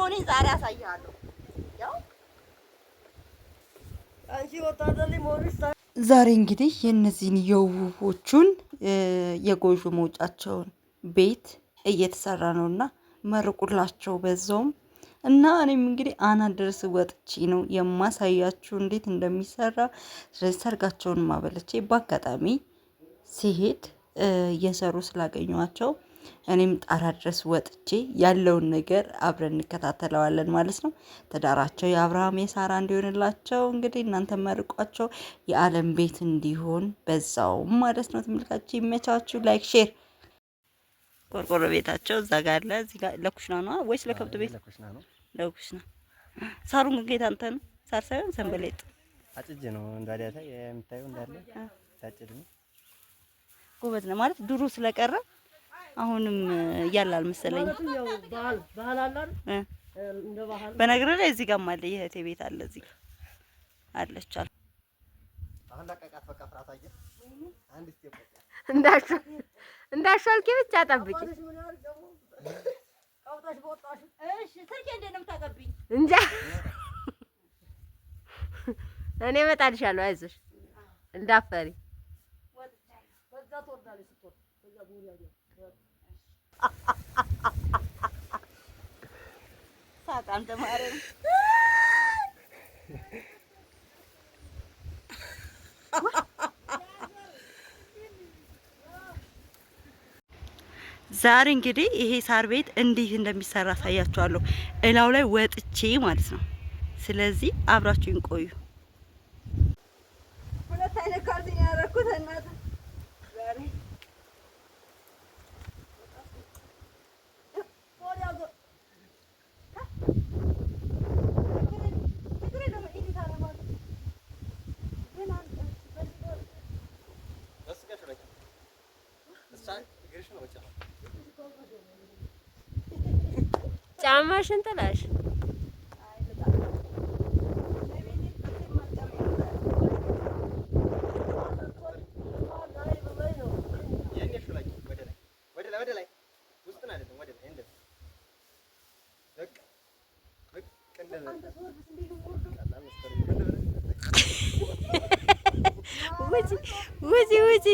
መሆኔን ዛሬ አሳያለሁ። ዛሬ እንግዲህ የእነዚህን የውቦቹን የጎጆ መውጫቸውን ቤት እየተሰራ ነው እና መርቁላቸው በዛውም እና እኔም እንግዲህ አና ድረስ ወጥቼ ነው የማሳያችሁ እንዴት እንደሚሰራ። ስለዚህ ሰርጋቸውን ማበለቼ በአጋጣሚ ሲሄድ እየሰሩ ስላገኘኋቸው እኔም ጣራ ድረስ ወጥቼ ያለውን ነገር አብረን እንከታተለዋለን ማለት ነው። ትዳራቸው የአብርሃም የሳራ እንዲሆንላቸው እንግዲህ እናንተ መርቋቸው የዓለም ቤት እንዲሆን በዛውም ማለት ነው። ተመልካችሁ ይመቻችሁ። ላይክ ሼር ቆርቆሮ ቤታቸው እዛ ጋር አለ። እዚህ ጋር ለኩሽና ነው ወይስ ለከብት ቤት? ለኩሽና ሳሩን ግን አንተ ነው። ሳር ሳይሆን ሰንበሌጥ አጭጅ ነው። እንዳዲያታ የምታየው እንዳለ ታጭድ ነው። ጉበት ነው ማለት ድሩ ስለቀረ አሁንም እያላል መሰለኝ። በነገር ላይ እዚህ ጋርም አለ የእህቴ ቤት አለ እዚህ አለች አለ እንዳሻልኪ ብቻ ጠብቂ እንጃ። እኔ እመጣልሻለሁ፣ አይዞሽ እንዳፈሪ ዛሬ እንግዲህ ይሄ ሳር ቤት እንዲህ እንደሚሰራ አሳያችኋለሁ። እላው ላይ ወጥቼ ማለት ነው። ስለዚህ አብራችሁኝ ቆዩ። ሁለት አይነት ካርድ ያረኩት እናት ጫማሽን ጥለሽ ውጪ ውጪ ውጪ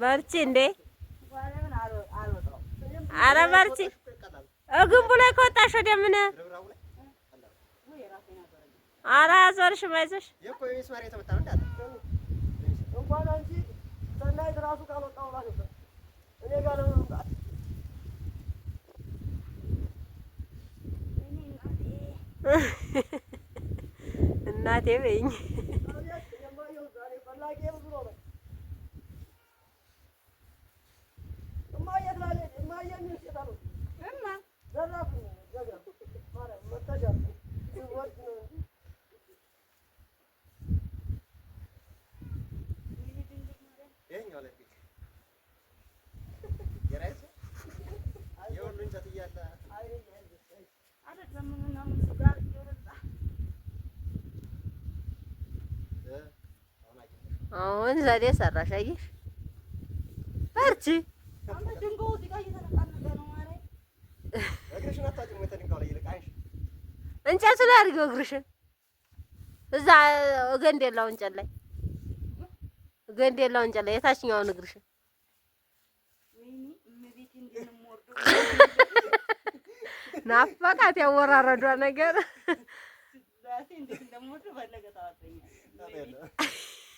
በርቺ እንዴ! አረ በርቺ። ግንቡ ላይ ከወጣሽ ወደ ምን? አረ አዞርሽም፣ አይዞሽ። እንኳን አንቺ እኔ ጋር እናቴ በይኝ። የሁሉ እንጨት እያለ አሁን ዘዴ ሰራሽ። አየሽ፣ በርቺ። እንጨቱ ላይ አድርጊው እግርሽን። እዛ ገንዴላው እንጨት ላይ ገንዴላው እንጨት ላይ የታችኛውን እግርሽን ናፈቃት ያወራረዷ ነገር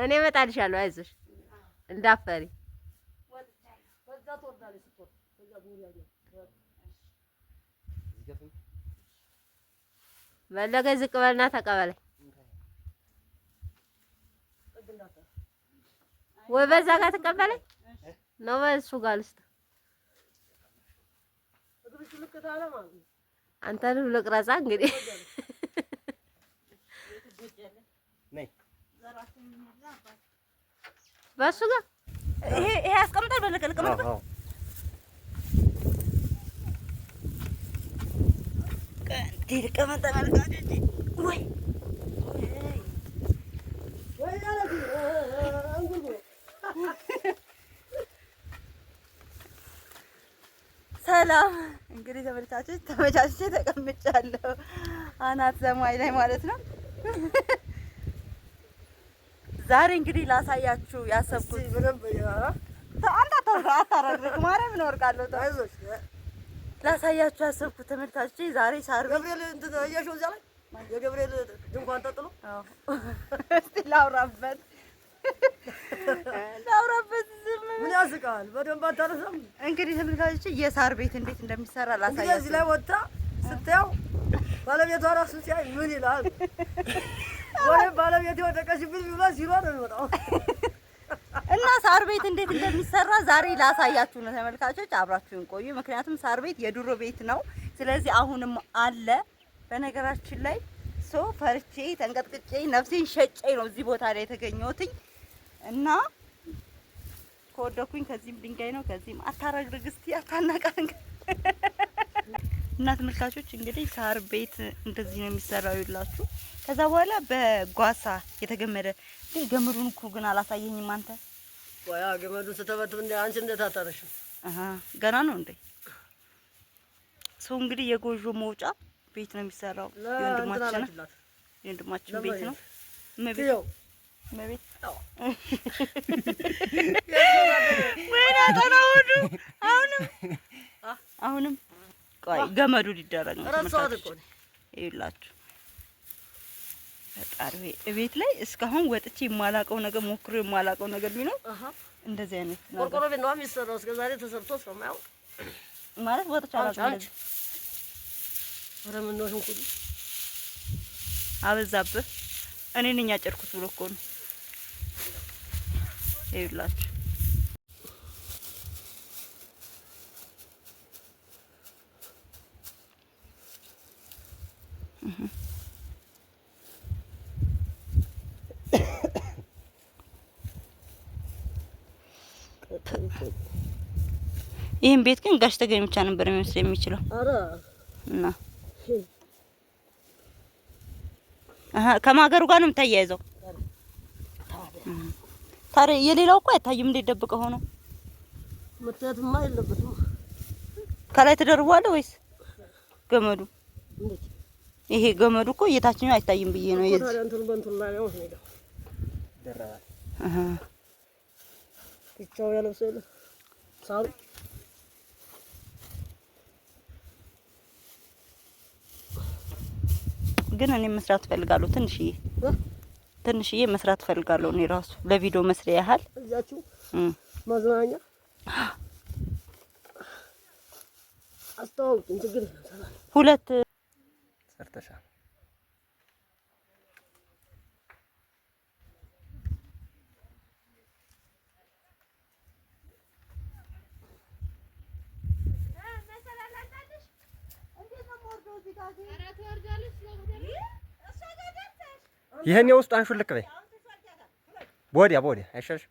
እኔ እመጣልሻለሁ፣ አይዞሽ እንዳፈሪ ፈለገ ዝቅ በልና ተቀበለኝ። ወይ በዛ ጋር ተቀበለኝ ነው በእሱ ጋር ልስጥ። አንተንም ልቅረጻ እንግዲህ በእሱ ጋር ይሄ ይሄ ያስቀምጣል። በለቀ ልቀመጥበት ሰላም እንግዲህ ተመልካቾች ተመቻችቼ ተቀምጫለሁ አናት ዘማይ ላይ ማለት ነው። ዛሬ እንግዲህ ላሳያችሁ ያሰብኩት አታረግርግ ማርያም ነው ወርቃለሁ ላሳያችሁ ያሰብኩት ተመልካች ዛሬ ሳር ላይ የገብርኤል ድንኳን ተጥሎ እስቲ ላውራበት ላውራበት ዝም ምን ያስቃል? በደንብ አታነሳም። እንግዲህ ተመልካቾች የሳር ቤት እንዴት እንደሚሰራ ላሳያችሁ። እዚህ ላይ ወጣ ስታየው ባለቤቷ እራሱ ሲያይ ምን ይላል? ባለቤት የወደቀችብኝ ቢባል ሲሮጥ ነው የሚወጣው። እና ሳር ቤት እንዴት እንደሚሰራ ዛሬ ላሳያችሁ ነው ተመልካቾች፣ አብራችሁን ቆዩ። ምክንያቱም ሳር ቤት የድሮ ቤት ነው፣ ስለዚህ አሁንም አለ። በነገራችን ላይ ሰው ፈርቼ ተንቀጥቅጬ ነፍሴን ሸጬ ነው እዚህ ቦታ ላይ የተገኘሁትኝ እና ከወደኩኝ ከዚህም ድንጋይ ነው ከዚህም አታረግርግ እስቲ አታናቃንቅ እና ተመልካቾች እንግዲህ ሳር ቤት እንደዚህ ነው የሚሰራው ይላችሁ። ከዛ በኋላ በጓሳ የተገመደ ግን ገመዱን እኮ ግን አላሳየኝም አንተ። ወያ ገመዱን ስተበትብ እንደ አንቺ እንደ ታታረሽ አሃ ገና ነው እንዴ? ሰው እንግዲህ የጎጆ መውጫ ቤት ነው የሚሰራው። የወንድማችን የወንድማችን ቤት ነው መቤት መቤት ወይና ተናወዱ አሁንም አሁንም ቆይ ገመዱ ሊደረግ ነው። ይላችሁ ፈጣሪ እቤት ላይ እስካሁን ወጥቼ የማላቀው ነገር ሞክሮ የማላቀው ነገር ቢኖር እንደዚህ አይነት ቆርቆሮ ቤት ነው የሚሰራው። እስከ ዛሬ ተሰርቶ ማለት ወጥቼ አላውቅም። ሁሉ አበዛብህ። ብሎ እኮ ነው ይላችሁ ይህም ቤት ግን ጋሽ ተገኝ ብቻ ነበር የሚመስል የሚችለው እና ከማገሩ ጋር ነው የምታያይዘው። ታዲያ የሌላው እኮ አይታይም። እንዴ ደብቀ ሆኖ ከላይ ተደርቧል ወይስ ገመዱ ይሄ ገመዱ እኮ እየታችኛው አይታይም ብዬ ነው። ግን እኔ መስራት እፈልጋለሁ። ትንሽዬ ትንሽዬ መስራት እፈልጋለሁ። እኔ ራሱ ለቪዲዮ መስሪያ ያህል እዛችሁ መዝናኛ አስተዋውቁኝ። ሁለት Arkadaşlar. ይህን የውስጥ አንሹልክ በይ ቦዲያ ቦዲያ አይሻልሽም?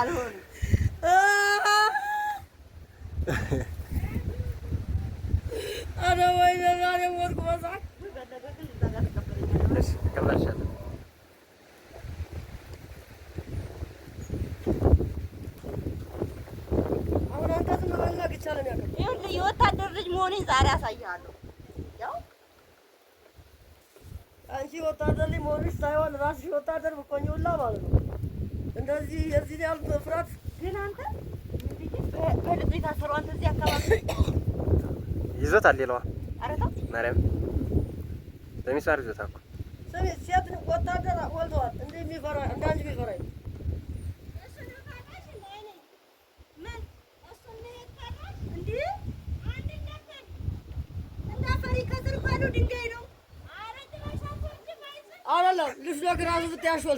አልሆንም። የወታደር ልጅ መሆኔን ዛሬ አሳያለሁ። አንቺ ወታደር ልጅ መሆንሽ ሳይሆን ራስሽ ወታደር ብቆኝ ሁላ ማለት ነው። እንደዚህ የዚህ ያህል ፍርሃት ግን አንተ በልጡ የታሰሩ አንተ እዚህ አካባቢ ይዞታል። ሌላዋ አረታ ማርያም በሚስማር ይዞታል እኮ ስሚ፣ ሴት ወታደር ወልተዋል። እንደ የሚፈራ እንዳንቺ የሚፈራ ድንጋይ ነው። አረ ልጅ ግራ ብትያሽ